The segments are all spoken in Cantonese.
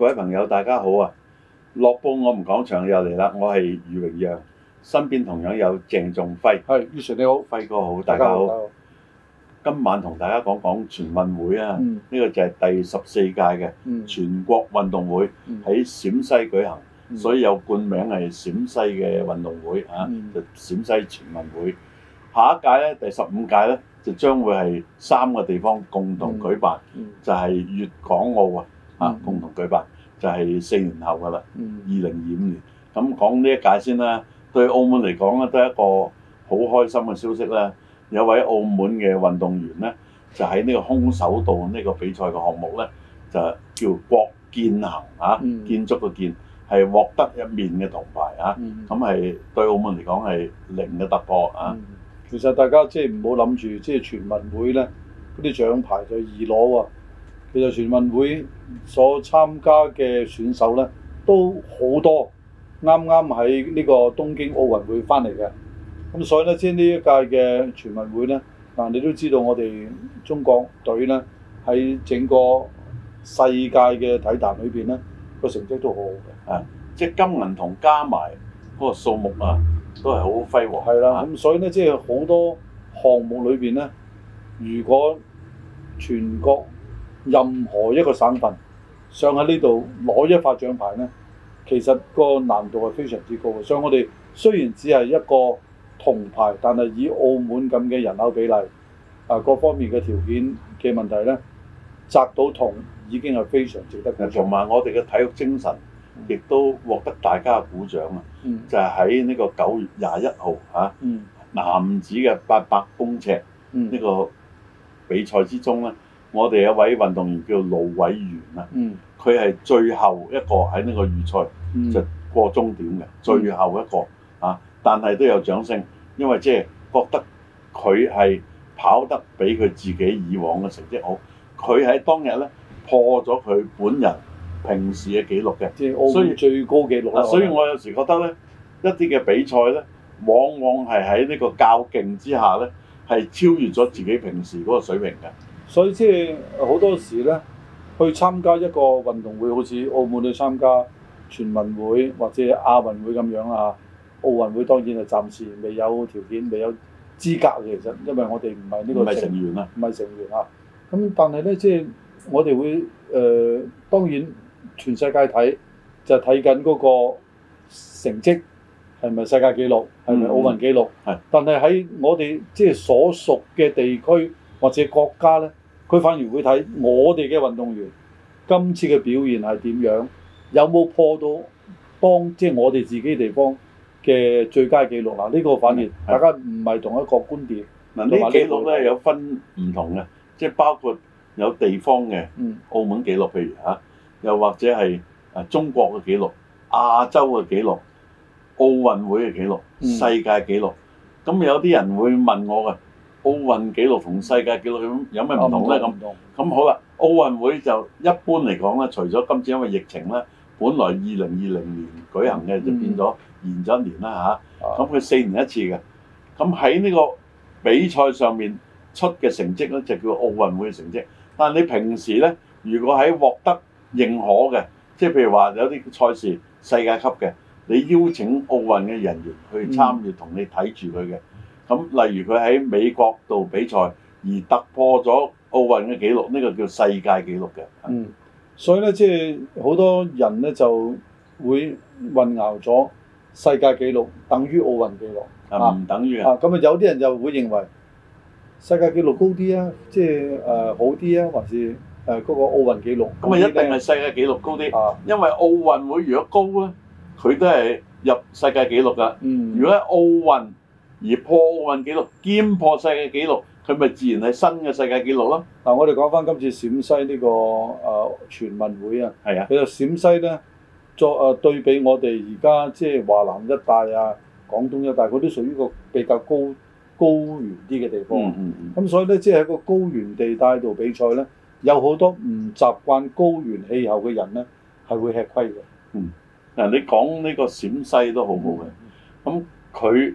各位朋友，大家好啊！樂報我們講場又嚟啦，我係余榮陽，身邊同樣有鄭仲輝。係，Eason 你好，輝哥好，大家好。今晚同大家講講全運會啊，呢個就係第十四屆嘅全國運動會喺陝西舉行，所以有冠名係陝西嘅運動會啊，陝西全運會。下一屆咧，第十五屆咧，就將會係三個地方共同舉辦，就係粵港澳啊，共同舉辦。就係四年後㗎啦，二零二五年。咁、嗯嗯、講呢一屆先啦，對澳門嚟講咧，都係一個好開心嘅消息咧。有位澳門嘅運動員咧，就喺呢個空手道呢個比賽嘅項目咧，就叫郭建行啊，嗯、建築嘅建，係獲得一面嘅銅牌啊。咁係、嗯嗯、對澳門嚟講係零嘅突破啊、嗯。其實大家即係唔好諗住，即、就、係、是、全運會咧，嗰啲獎牌就易攞喎。其實全運會所參加嘅選手咧都好多，啱啱喺呢個東京奧運會翻嚟嘅。咁所以咧，即係呢一屆嘅全運會咧，嗱、啊、你都知道我哋中國隊咧喺整個世界嘅體壇裏邊咧，個成績都好好嘅，啊，即係金銀銅加埋嗰個數目啊，都係好輝煌係啦。咁所以咧，即係好多項目裏邊咧，如果全國任何一個省份想喺呢度攞一塊獎牌呢，其實個難度係非常之高嘅。所以我哋雖然只係一個銅牌，但係以澳門咁嘅人口比例啊，各方面嘅條件嘅問題呢，摘到銅已經係非常值得嘅。同埋我哋嘅體育精神亦都獲得大家嘅鼓掌啊！嗯，就係喺呢個九月廿一號嚇男子嘅八百公尺呢個比賽之中呢。我哋有位運動員叫盧偉源啦，佢係、嗯、最後一個喺呢個預賽、嗯、就過終點嘅最後一個、嗯、啊，但係都有掌聲，因為即係覺得佢係跑得比佢自己以往嘅成績好，佢、就、喺、是、當日咧破咗佢本人平時嘅記錄嘅，即係所以最高記錄嘅，所以，所以我有時覺得咧一啲嘅比賽咧，往往係喺呢個較勁之下咧，係超越咗自己平時嗰個水平嘅。所以即係好多時咧，去參加一個運動會好似澳門去參加全運會或者亞運會咁樣啊。奧運會當然係暫時未有條件、未有資格其實，因為我哋唔係呢個成員啊，唔係成員啊。咁但係咧，即係，我哋會，誒、呃，當然全世界睇就睇緊嗰個成績，係咪世界紀錄，係咪奧運紀錄，係、嗯，嗯、但係，喺我哋即係所屬嘅地區或者國家咧。佢反而會睇我哋嘅運動員今次嘅表現係點樣，有冇破到幫即係我哋自己地方嘅最佳記錄嗱？呢、這個反而大家唔係同一個觀點。嗱、嗯，呢記錄咧有分唔同嘅，即係包括有地方嘅、嗯、澳門記錄，譬如嚇，又或者係啊中國嘅記錄、亞洲嘅記錄、奧運會嘅記錄、世界記錄。咁、嗯、有啲人會問我嘅。」奧運紀錄同世界紀錄有咩唔同呢？咁咁好啦，奧運會就一般嚟講咧，除咗今次因為疫情咧，本來二零二零年舉行嘅就變咗延咗一年啦吓，咁佢、嗯啊、四年一次嘅，咁喺呢個比賽上面出嘅成績咧就叫奧運會嘅成績。但係你平時呢，如果喺獲得認可嘅，即係譬如話有啲賽事世界級嘅，你邀請奧運嘅人員去參與同、嗯、你睇住佢嘅。咁，例如佢喺美國度比賽而突破咗奧運嘅紀錄，呢個叫世界紀錄嘅。嗯，所以咧，即係好多人咧就會混淆咗世界紀錄等於奧運紀錄係嘛，唔等於啊。咁啊，有啲人就會認為世界紀錄高啲啊，即係誒好啲啊，還是誒嗰個奧運紀錄？咁啊，一定係世界紀錄高啲。啊，因為奧運會如果高咧，佢都係入世界紀錄噶。嗯，如果喺奧運。而破奧運紀錄兼破世界紀錄，佢咪自然係新嘅世界紀錄咯？嗱、啊，我哋講翻今次陝西呢、這個誒、呃、全運會啊，係啊，其實陝西咧作誒、呃、對比我哋而家即係華南一帶啊、廣東一帶，佢都屬於個比較高高原啲嘅地方。咁、嗯嗯、所以咧，即係喺個高原地帶度比賽咧，有好多唔習慣高原氣候嘅人咧，係會吃虧嘅。嗯，嗱、啊，你講呢個陝西都好好嘅，咁佢。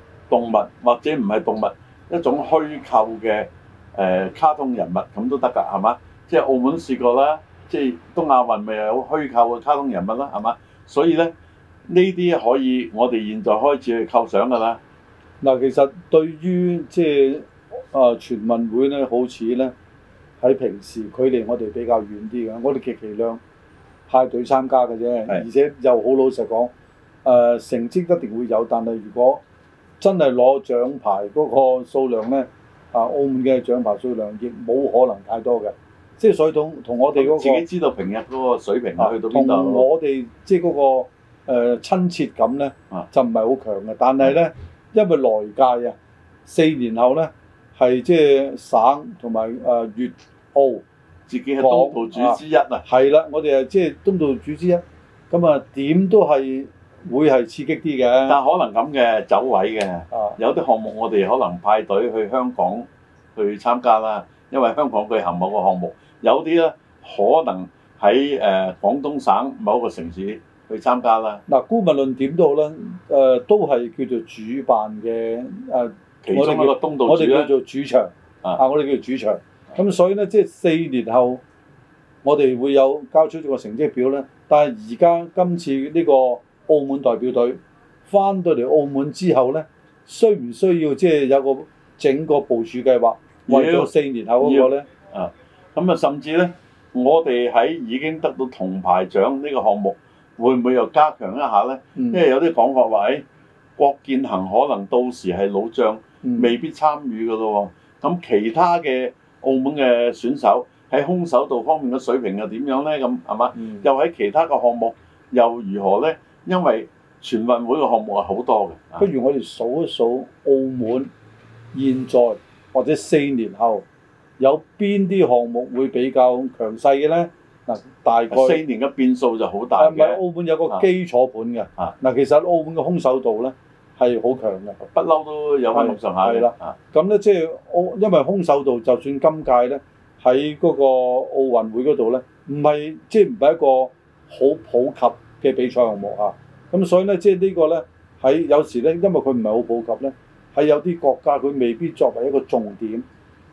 動物或者唔係動物，一種虛構嘅誒、呃、卡通人物咁都得㗎，係嘛？即係澳門試過啦，即係東亞運咪有虛構嘅卡通人物啦，係嘛？所以咧，呢啲可以我哋現在開始去構想㗎啦。嗱，其實對於即係啊全運會咧，好似咧喺平時佢離我哋比較遠啲嘅，我哋極其量派隊參加嘅啫，的而且又好老實講，誒、呃、成績一定會有，但係如果真係攞獎牌嗰個數量咧，啊，澳門嘅獎牌數量亦冇可能太多嘅，即係所以同同我哋嗰、嗰個自己知道平日嗰個水平啊，去到邊度我哋即係嗰個誒、呃、親切感咧，啊、就唔係好強嘅。但係咧，嗯、因為來屆啊，四年後咧係即係省同埋誒粵澳自己係東道主之一啊，係啦、啊，我哋啊即係東道主之一，咁啊點都係。會係刺激啲嘅、啊，但可能咁嘅走位嘅，啊、有啲項目我哋可能派隊去香港去參加啦。因為香港佢行某個項目，有啲咧可能喺誒、呃、廣東省某個城市去參加啦。嗱、啊，姑勿論點都好啦，誒、呃、都係叫做主辦嘅誒，呃、其中一個東道主我哋叫做主場啊，我哋叫做主場。咁、啊啊、所以呢，即係四年後我哋會有交出呢個成績表呢。但係而家今次呢個。澳門代表隊返到嚟澳門之後呢，需唔需要即係有個整個部署計劃，為咗四年後嗰個咧？啊，咁啊，甚至呢， 我哋喺已經得到銅牌獎呢個項目，會唔會又加強一下呢？嗯、因為有啲講法話喺郭建恒可能到時係老將，未必參與噶咯喎。咁、嗯、其他嘅澳門嘅選手喺空手道方面嘅水平又點樣呢？咁係嘛？嗯、又喺其他嘅項目又如何呢？因為全運會嘅項目係好多嘅，不如我哋數一數澳門現在或者四年後有邊啲項目會比較強勢嘅咧？嗱，大概四年嘅變數就好大嘅。啊，係咪澳門有個基礎盤嘅、啊。啊，嗱，其實澳門嘅空手道咧係好強嘅，不嬲、啊、都有翻咁上下嘅。咁咧的、啊、即係澳，因為空手道就算今屆咧喺嗰個奧運會嗰度咧，唔係即係唔係一個好普及。嘅比賽項目啊，咁所以咧，即、就、係、是、呢個咧喺有時咧，因為佢唔係好普及咧，喺有啲國家佢未必作為一個重點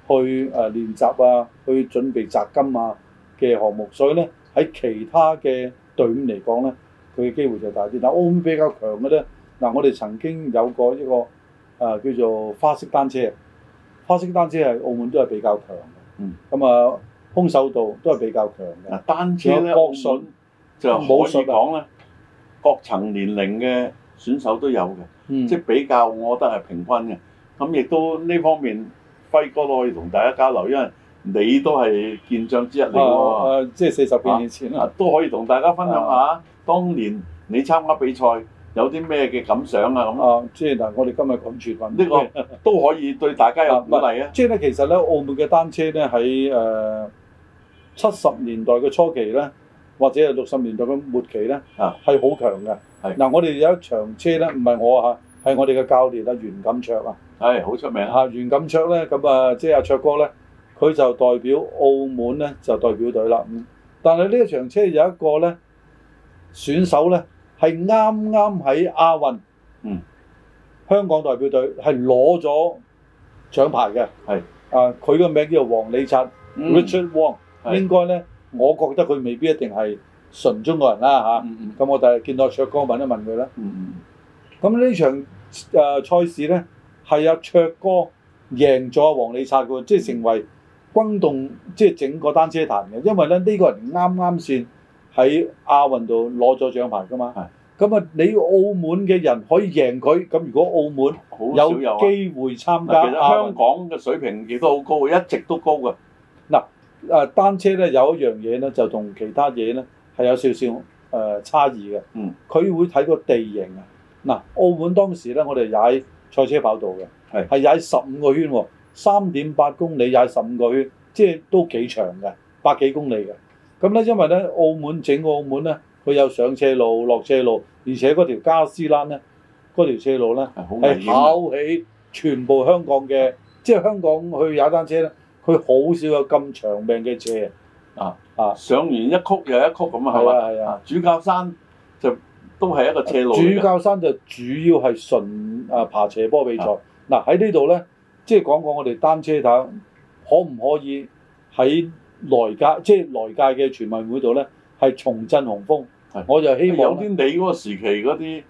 去誒、呃、練習啊，去準備摘金啊嘅項目，所以咧喺其他嘅隊伍嚟講咧，佢嘅機會就大啲。嗱，澳門比較強嘅咧，嗱、呃、我哋曾經有過一個誒、呃、叫做花式單車，花式單車係澳門都係比較強嘅，嗯，咁啊、呃、空手道都係比較強嘅。單車咧，就好似講啦，各層年齡嘅選手都有嘅，嗯、即係比較，我覺得係平均嘅。咁亦都呢方面，輝哥都可以同大家交流，因為你都係健將之一嚟、啊、喎、啊。即係四十幾年前啦、啊啊啊，都可以同大家分享下、啊、當年你參加比賽有啲咩嘅感想啊？咁啊，即係嗱，我哋今日講全運，呢個都可以對大家有鼓勵啊。啊即係咧，其實咧，澳門嘅單車咧，喺誒七十年代嘅初期咧。或者係六十年代嘅末期咧，係好強嘅。嗱是、啊，我哋有一場車咧，唔係我啊，係我哋嘅教練、哎、啊，袁錦卓啊，係好出名嚇。袁錦卓咧，咁啊，即係阿卓哥咧，佢就代表澳門咧，就代表隊啦、嗯。但係呢一場車有一個咧選手咧，係啱啱喺亞運，嗯，香港代表隊係攞咗獎牌嘅。係、嗯、啊，佢個名叫黃李察、嗯，Richard Wong，應該咧是。我覺得佢未必一定係純中國人啦嚇，咁我就見到卓哥問一問佢啦。咁呢場誒賽事咧，係阿卓哥贏咗黃利策嘅，即係成為轟動即係整個單車壇嘅。因為咧呢個人啱啱先喺亞運度攞咗獎牌㗎嘛。咁啊，你澳門嘅人可以贏佢，咁如果澳門有機會參加，香港嘅水平亦都好高，一直都高㗎。誒單車咧有一樣嘢咧就同其他嘢咧係有少少誒、呃、差異嘅。嗯。佢會睇個地形啊。嗱、呃，澳門當時咧，我哋踩賽車跑道嘅，係係踩十五個圈喎、哦，三點八公里踩十五個圈，即係都幾長嘅，百幾公里嘅。咁、嗯、咧，因為咧澳門整個澳門咧，佢有上斜路、落斜路，而且嗰條加斯欄咧，嗰條斜路咧係跑起全部香港嘅，即係香港去踩單車咧。佢好少有咁長命嘅車啊！啊，上完一曲又一曲咁啊，係啊係啊！主教山就都係一個斜路。主教山就主要係純啊爬斜坡比賽。嗱喺、啊啊、呢度咧，即係講講我哋單車友可唔可以喺內界即係內界嘅全運會度咧，係重振雄風？係、啊，我就希望、啊、有啲你嗰個時期嗰啲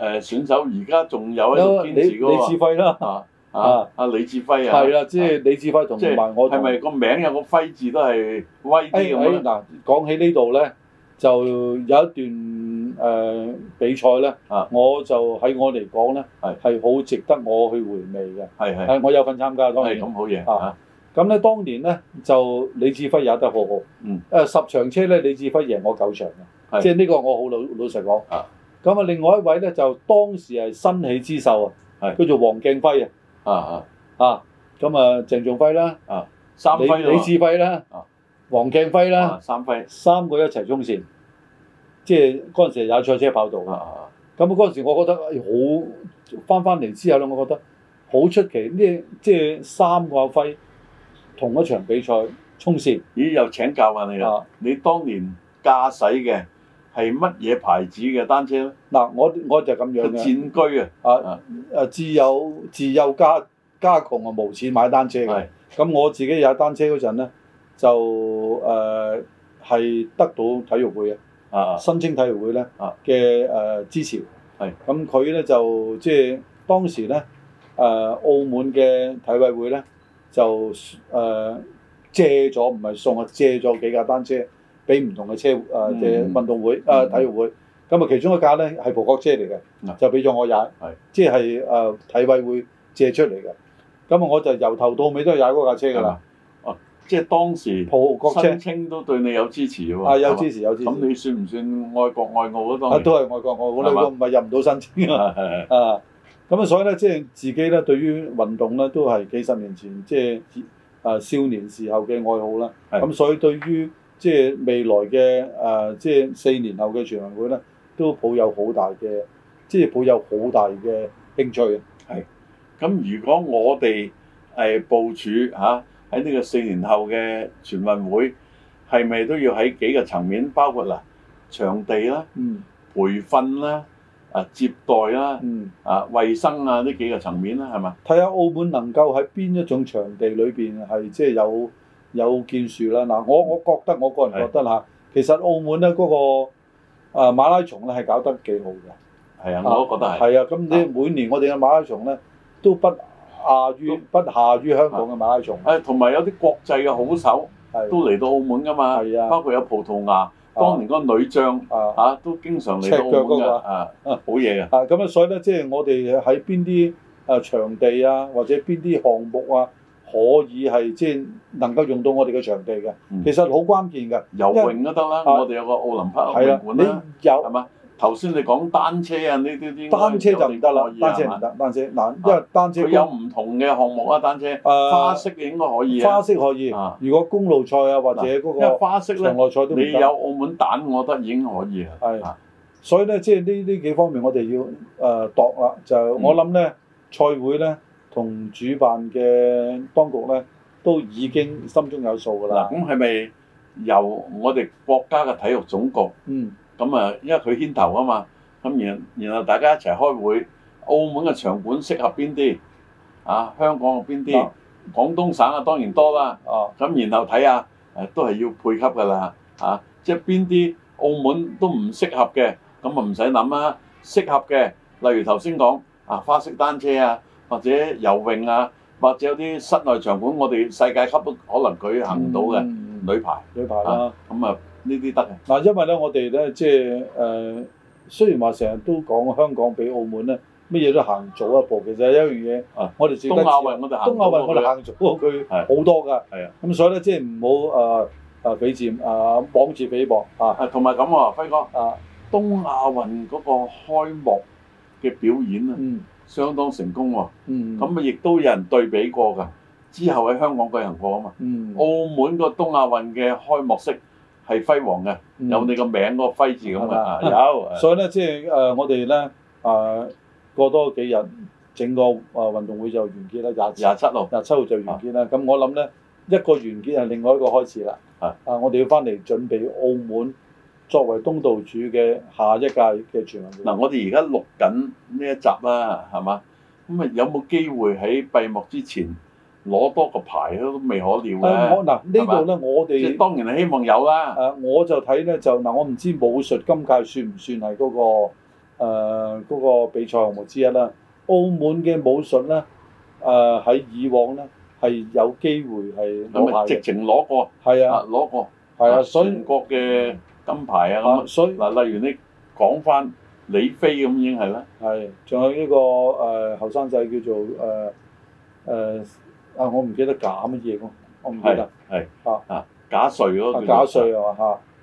誒選手，而家仲有一度堅持，你你自廢啦！啊！阿李志輝啊，係啦，即係李志輝同埋我，係咪個名有個輝字都係威啲嗱，講起呢度咧，就有一段誒比賽咧，我就喺我嚟講咧係係好值得我去回味嘅，係係誒，我有份參加當然係咁好嘢嚇。咁咧，當年咧就李志輝贏得好好，嗯誒十場車咧，李志輝贏我九場嘅，即係呢個我好老老實講咁啊，另外一位咧就當時係新起之秀啊，叫做黃敬輝啊。啊啊啊！咁啊，鄭仲輝啦，啊，三輝李智輝啦，啊，黃敬輝啦，三輝，三個一齊衝線，即係嗰陣時有賽車跑道噶。咁嗰陣時我覺得好，翻翻嚟之後咧，我覺得好出奇，呢即係三個阿輝同一場比賽衝線。咦、啊？又、啊、請教下你啊？你當年駕駛嘅？係乜嘢牌子嘅單車咧？嗱，我我就咁樣嘅。僆居啊！啊啊！自有自有家家窮啊，冇錢買單車嘅。咁是我自己有單車嗰陣咧，就誒係、呃、得到體育會嘅，啊申請體育會咧嘅誒支持。係咁佢咧就即係當時咧誒、呃、澳門嘅體委會咧就誒、呃、借咗唔係送啊，借咗幾架單車。俾唔同嘅車誒嘅運動會誒、呃、體育會，咁啊、嗯嗯、peine. 其中一架咧係葡國車嚟嘅，就俾咗我踩，即係誒體委會借出嚟嘅，咁啊我就由頭到尾都係踩嗰架車噶啦。哦、啊，即係當時葡國車申都對你有支持喎、啊。有支持吧，有支持。咁你算唔算愛國愛澳嗰度？都係愛國愛澳，你都唔係入唔到申請啊，咁啊所以咧，即係自己咧，對於運動咧，都係幾十年前即係誒少年時候嘅愛好啦。咁所以對於。即係未來嘅誒、呃，即係四年後嘅全運會咧，都抱有好大嘅，即係抱有好大嘅興趣嘅，係。咁如果我哋係部署吓喺呢個四年後嘅全運會，係咪都要喺幾個層面，包括嗱場地啦、嗯，培訓啦、啊接待啦、嗯、啊衞生啊呢幾個層面咧，係咪睇下澳門能夠喺邊一種場地裏邊係即係有。有建樹啦，嗱，我我覺得我個人覺得啦，其實澳門咧嗰個啊馬拉松咧係搞得幾好嘅。係啊，我都覺得係啊，咁你每年我哋嘅馬拉松咧都不亞於不下於香港嘅馬拉松。誒，同埋有啲國際嘅好手都嚟到澳門噶嘛，包括有葡萄牙，當年個女將嚇都經常嚟到澳門啊，好嘢嘅。啊，咁啊，所以咧，即係我哋喺邊啲啊場地啊，或者邊啲項目啊？可以係即係能夠用到我哋嘅場地嘅，其實好關鍵嘅。游泳都得啦，我哋有個奧林匹克游泳館啦。你有係嘛？頭先你講單車啊，呢啲啲單車就唔得啦，單車唔得，單車嗱，因為單車佢有唔同嘅項目啊，單車花式應該可以啊。花式可以，如果公路賽啊或者嗰個因為花式咧，你有澳門蛋，我覺得已經可以啦。係，所以咧即係呢呢幾方面我哋要誒度啦，就我諗咧賽會咧，同主辦嘅當局咧，都已經心中有數㗎啦。咁係咪由我哋國家嘅體育總局？嗯。咁啊，因為佢牽頭啊嘛，咁然然後大家一齊開會，澳門嘅場館適合邊啲啊？香港邊啲？啊、廣東省啊，當然多啦。哦、啊。咁然後睇下，誒都係要配給㗎啦。啊，即係邊啲澳門都唔適合嘅，咁啊唔使諗啦。適合嘅，例如頭先講啊，花式單車啊。或者游泳啊，或者有啲室內場館，我哋世界級都可能舉行到嘅女排，女排啦，咁啊呢啲得嘅。嗱，因為咧，我哋咧即係誒，雖然話成日都講香港比澳門咧，乜嘢都行早一步，其實有一樣嘢，我哋自己東亞運，我哋行東亞運，我哋行早過佢好多㗎。咁所以咧，即係唔好誒誒比佔誒綁住比搏啊。同埋咁喎，輝哥誒東亞運嗰個開幕嘅表演啊。相當成功喎、啊，咁啊亦都有人對比過㗎。之後喺香港舉行過啊嘛，嗯、澳門個東亞運嘅開幕式係輝煌嘅，有、嗯、你個名嗰個輝字咁嘅吧啊有。是所以咧，即係誒我哋咧誒過多幾日，整個誒運動會就完結啦，廿七號，廿七號就完結啦。咁我諗咧一個完結係另外一個開始啦、啊啊。啊，我哋要翻嚟準備澳門。作為東道主嘅下一屆嘅傳聞，嗱、嗯、我哋而家錄緊呢一集啦，係嘛？咁啊有冇機會喺閉幕之前攞多個牌都未可料，嗱，呢度咧，我哋即係當然係希望有啦。誒，我就睇咧就嗱、嗯，我唔知武術今屆算唔算係嗰、嗰個誒、呃嗰個、比賽項目之一啦？澳門嘅武術咧誒喺以往咧係有機會係攞下嘅，直情攞過係啊，攞過係啊，全國嘅。嗯金牌啊，所以嗱，例如你講翻李飛咁已經係啦，係，仲有呢個誒後生仔叫做誒誒啊，我唔記得假乜嘢咯，我唔記得係啊啊，假瑞嗰個假瑞啊嘛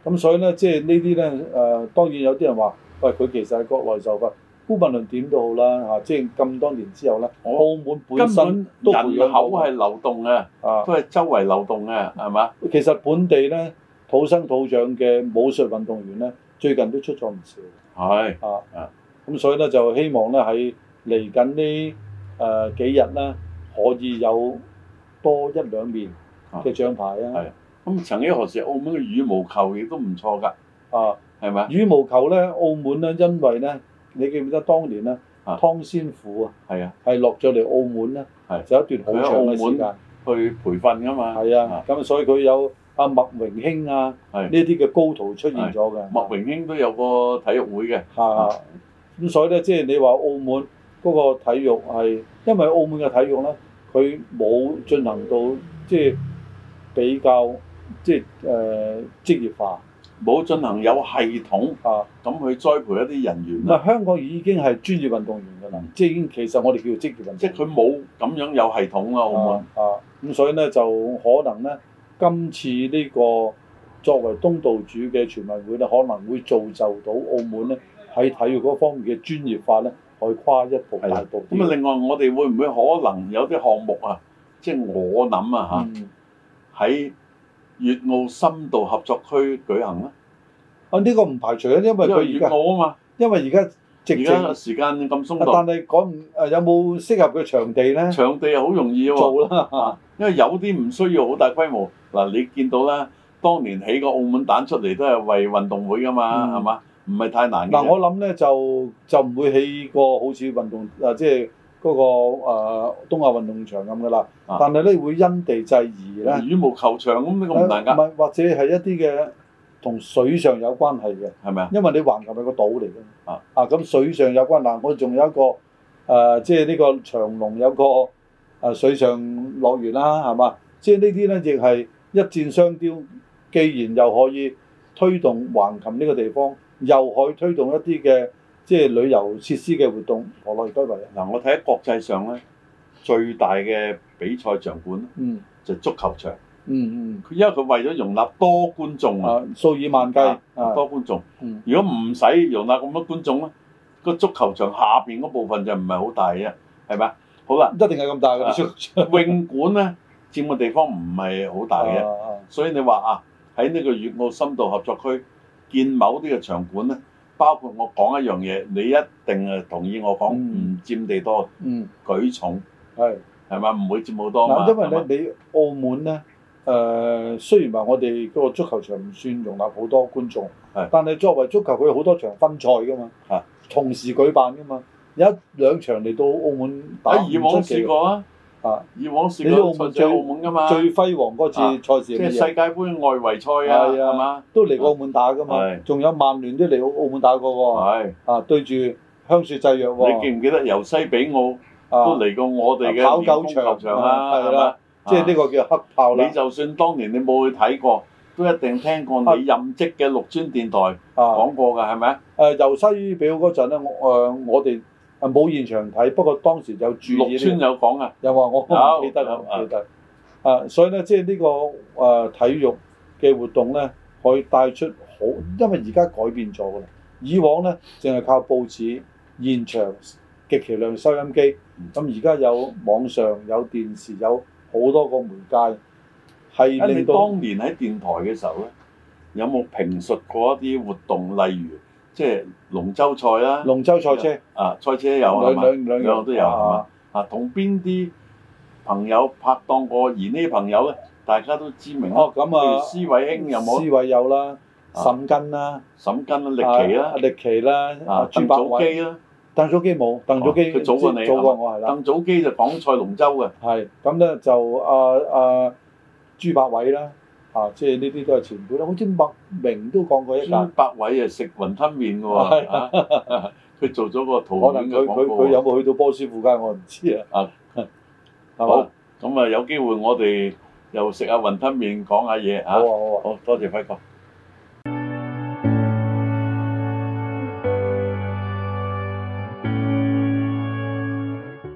嚇，咁所以咧，即係呢啲咧誒，當然有啲人話喂，佢其實係國內受訓，姑勿論點都好啦嚇，即係咁多年之後咧，澳門本身都人口係流動嘅，都係周圍流動嘅，係嘛？其實本地咧。土生土長嘅武術運動員咧，最近都出咗唔少。係的啊，咁、嗯、所以咧就希望咧喺嚟緊呢誒幾日啦，可以有多一兩面嘅獎牌啊。係。咁曾經何時澳門嘅羽毛球亦都唔錯㗎？啊，係咪啊？羽毛球咧，澳門咧，因為咧，你記唔記得當年咧，湯仙虎啊，係啊的，係落咗嚟澳門咧，係的有一段好長嘅時間去培訓㗎嘛。係啊，咁所以佢有。的阿麥榮興啊，呢啲嘅高徒出現咗嘅。麥的榮興都有個體育會嘅。係咁，的的所以咧，即係你話澳門嗰個體育係，因為澳門嘅體育咧，佢冇進行到即係、就是、比較，即係誒職業化，冇進行有系統啊，咁的去栽培一啲人員啊。香港已經係專業運動員嘅啦，即係已經其實我哋叫做職業運動員。即係佢冇咁樣有系統啊。澳門。啊，咁、嗯嗯、所以咧就可能咧。今次呢、這個作為東道主嘅全運會咧，可能會造就到澳門咧喺體育嗰方面嘅專業化咧，可以跨一步大步。咁啊，另外我哋會唔會可能有啲項目啊？即係我諗啊嚇，喺粵、嗯、澳深度合作區舉行咧。啊，有有呢個唔排除啊，因為佢粵澳啊嘛，因為而家而家時間咁鬆。但係講唔，有冇適合嘅場地咧？場地好容易做啦嚇，因為有啲唔需要好大規模。 嗱，你見到啦，當年起個澳門蛋出嚟都係為運動會噶嘛，係嘛、嗯？唔係太難嘅。嗱，我諗咧就就唔會起個好似運動啊，即係嗰、嗰個誒東亞運動場咁噶啦。啊、但係咧會因地制宜咧。羽毛球場咁都咁唔難噶。唔係、嗯，或者係一啲嘅同水上有關係嘅，係咪啊？因為你橫琴係個島嚟嘅。啊啊咁水上有關，嗱我仲有一個誒，即係呢個長隆有個誒水上樂園啦，係嘛、呃？即係呢啲咧亦係。就係一箭雙雕，既然又可以推動橫琴呢個地方，又可以推動一啲嘅即係旅遊設施嘅活動，何樂而不為咧？嗱，我睇喺國際上咧，最大嘅比賽場館，嗯，就係足球場，嗯嗯，因為佢為咗容納多觀眾啊，數以萬計，多觀眾。如果唔使容納咁多觀眾咧，個足球場下邊嗰部分就唔係好大嘅，係咪？好啦，一定係咁大嘅。泳館咧，佔嘅地方唔係好大嘅，啊、所以你話啊，喺呢個粵澳深度合作區建某啲嘅場館咧，包括我講一樣嘢，你一定係同意我講唔、嗯、佔地多，嗯、舉重係係是咪，唔會佔好多，因為你嗎你澳門咧誒、呃，雖然話我哋個足球場唔算容納好多觀眾，是但係作為足球佢好多場分賽㗎嘛，是同時舉辦㗎嘛，有一兩場嚟到澳門打唔出奇。以往時個賽事最輝煌嗰次賽事，即係世界盃外圍賽啊，係嘛？都嚟過澳門打噶嘛，仲有曼聯都嚟澳澳門打過喎。啊，對住香雪製藥喎。你記唔記得由西比奧都嚟過我哋嘅跑狗場啊？係啦，即係呢個叫黑豹。你就算當年你冇去睇過，都一定聽過你任職嘅六尊電台講過㗎，係咪啊？由西比奧嗰陣咧，誒我哋。啊，冇現場睇，不過當時有注意有，有。有講啊？又話我唔記得啦，唔記得。啊，所以咧，即係呢、呢個誒、呃、體育嘅活動咧，可以帶出好，因為而家改變咗㗎啦。以往咧，淨係靠報紙、現場極其量收音機。咁而家有網上有電視，有好多個媒介，係令到。啊，你當年喺電台嘅時候咧，有冇評述過一啲活動，例如？即係龍舟賽啦，龍舟賽車啊，賽車有係嘛？兩兩樣都有係嘛？啊，同邊啲朋友拍檔過？而呢啲朋友咧，大家都知名哦，咁啊，施偉興有冇？施偉有啦，沈根啦，沈根啊，力奇啦，力奇啦，啊，鄧祖基啦，鄧祖基冇，鄧祖基佢早過你，早過我係啦。鄧祖基就講賽龍舟嘅。係，咁咧就啊啊朱百偉啦。啊，即係呢啲都係全部啦，好似麥明都講過一集。百位 啊，食雲吞麵喎，佢做咗個圖片嘅廣告。佢佢佢有冇去到波斯富街，我唔知啊。啊，好，咁啊好，有機會我哋又食下雲吞麵，講下嘢嚇。好，好多謝輝哥。好好